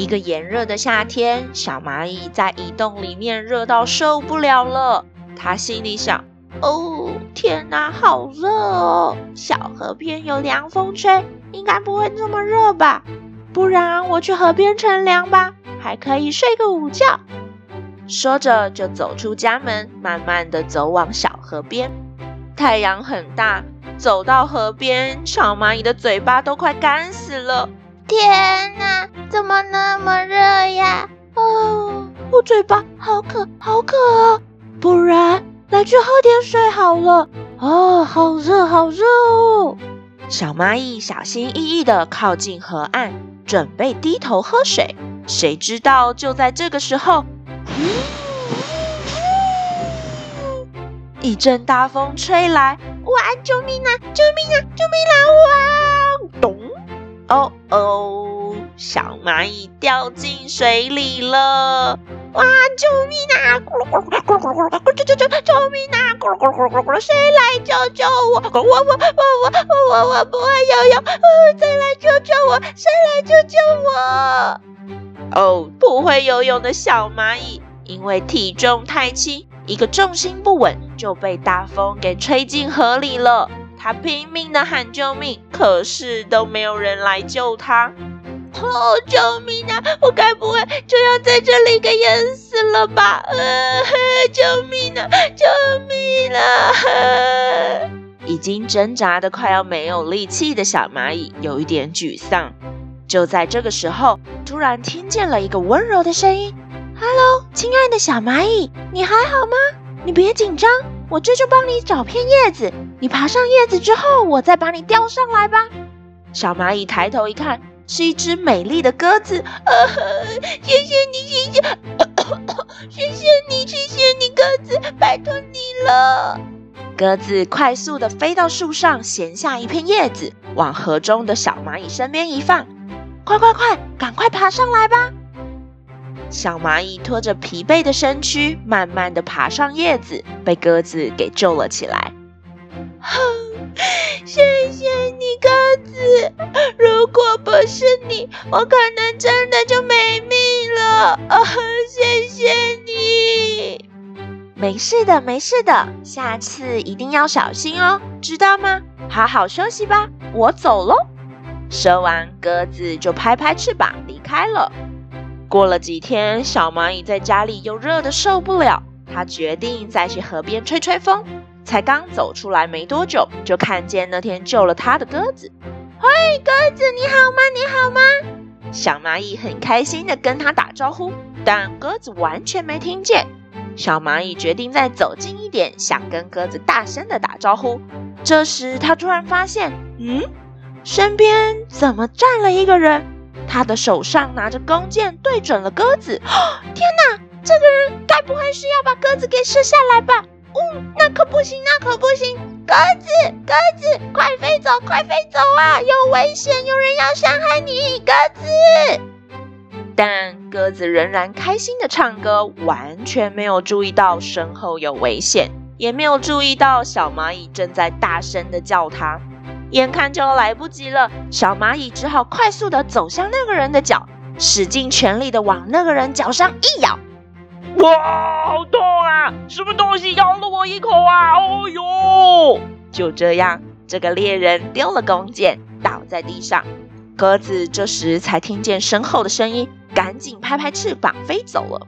一個炎熱的夏天，小螞蟻在蟻洞裡面熱到受不了了。它心裡想：哦，天哪，好熱哦！小河邊有涼風吹，應該不會這麼熱吧？不然我去河邊乘涼吧，還可以睡個午覺。說着，就走出家門，慢慢地走往小河邊。太陽很大，走到河邊，小螞蟻的嘴巴都快乾死了。天哪，怎麼那麼熱呀？哦，我嘴巴好渴，好渴啊、哦！不然來去喝點水好了。哦，好熱，好熱哦！小螞蟻小心翼翼地靠近河岸，準備低頭喝水。誰知道就在這個時候，一陣大風吹來，哇！救命啊！救命啊！救命啊！哇。哦哦，oh, oh, 小螞蟻掉進水裡了！哇，救命啊！咕嚕咕嚕咕嚕咕嚕咕嚕咕嚕，救救救！救命啊！咕嚕咕嚕咕嚕咕嚕，誰來救救我？我我我我我我我不會游泳，啊、哦！誰來救救我？誰來救救我？哦，oh, 不會游泳的小螞蟻，因為體重太輕，一個重心不穩就被大風給吹進河裡了。他拼命地喊救命，可是都沒有人來救他。哦，oh, 救命啊！我該不會就要在這裡給淹死了吧？啊、呃！救命啊！救命啊！呵！已經掙扎得快要沒有力氣的小螞蟻有一點沮喪。就在這個時候，突然聽見了一個溫柔的聲音：“Hello，親愛的小螞蟻，你還好嗎？你別緊張。”我這就幫你找片葉子，你爬上葉子之後，我再把你吊上來吧。小螞蟻抬頭一看，是一隻美麗的鴿子。呃，謝謝你，謝謝，謝謝你，謝謝你，鴿子，拜托你了。鴿子快速地飛到樹上，銜下一片葉子，往河中的小螞蟻身邊一放，乖乖乖快快快，趕快爬上來吧。小螞蟻拖着疲憊的身軀，慢慢的爬上葉子，被鴿子給救了起來。哼， 謝謝你，鴿子！如果不是你，我可能真的就沒命了。啊、哦，謝謝你！沒事的，沒事的，下次一定要小心哦，知道嗎？好好休息吧，我走嘍。說完，鴿子就拍拍翅膀離開了。過了幾天，小螞蟻在家裡又熱得受不了，它決定再去河邊吹吹風。才剛走出來沒多久，就看見那天救了它的鴿子。嗨，鴿子，你好嗎？你好嗎？小螞蟻很開心地跟它打招呼，但鴿子完全沒聽見。小螞蟻決定再走近一點，想跟鴿子大聲地打招呼。這時，它突然發現，嗯，身邊怎麼站了一個人？他的手上拿着弓箭，對準了鴿子。天哪，這個人該不會是要把鴿子給射下來吧？嗯，那可不行，那可不行！鴿子，鴿子，快飛走，快飛走啊！有危險，有人要傷害你，鴿子。但鴿子仍然開心地唱歌，完全沒有注意到身後有危險，也沒有注意到小螞蟻正在大聲地叫它。眼看就來不及了，小螞蟻只好快速地走向那個人的腳，使盡全力地往那個人腳上一咬。哇，好痛啊！什麼東西咬了我一口啊？哦呦！就這樣，這個獵人丟了弓箭，倒在地上。鴿子這時才聽見身後的聲音，趕緊拍拍翅膀飛走了。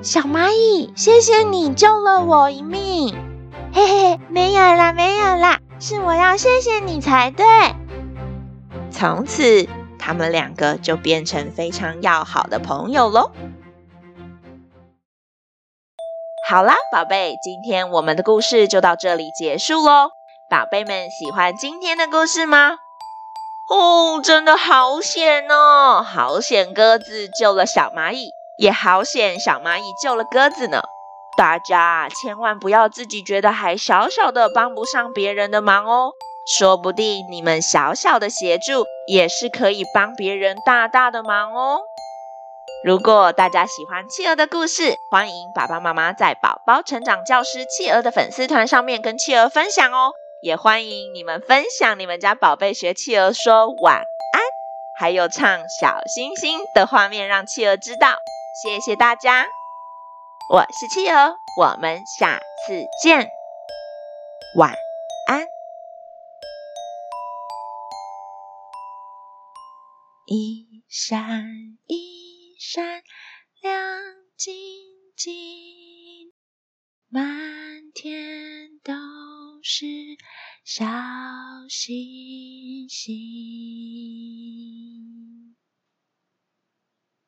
小螞蟻，謝謝你救了我一命。嘿嘿嘿，沒有啦，沒有啦。是我要謝謝你才對。從此，他們兩個就變成非常要好的朋友嘍。好啦，寶貝，今天我們的故事就到這裡結束嘍。寶貝們喜歡今天的故事嗎？哦，真的好險哦！好險，鴿子救了小螞蟻，也好險，小螞蟻救了鴿子呢。大家千萬不要自己覺得還小小的幫不上別人的忙哦，說不定你們小小的協助也是可以幫別人大大的忙哦。如果大家喜歡企鵝的故事，歡迎爸爸媽媽在寶寶成長教師企鵝的粉絲團上面跟企鵝分享哦，也歡迎你們分享你們家寶貝學企鵝說晚安，還有唱小星星的畫面讓企鵝知道。謝謝大家。我是企鵝，我們下次見，晚安。一閃一閃亮晶晶，滿天都是小星星。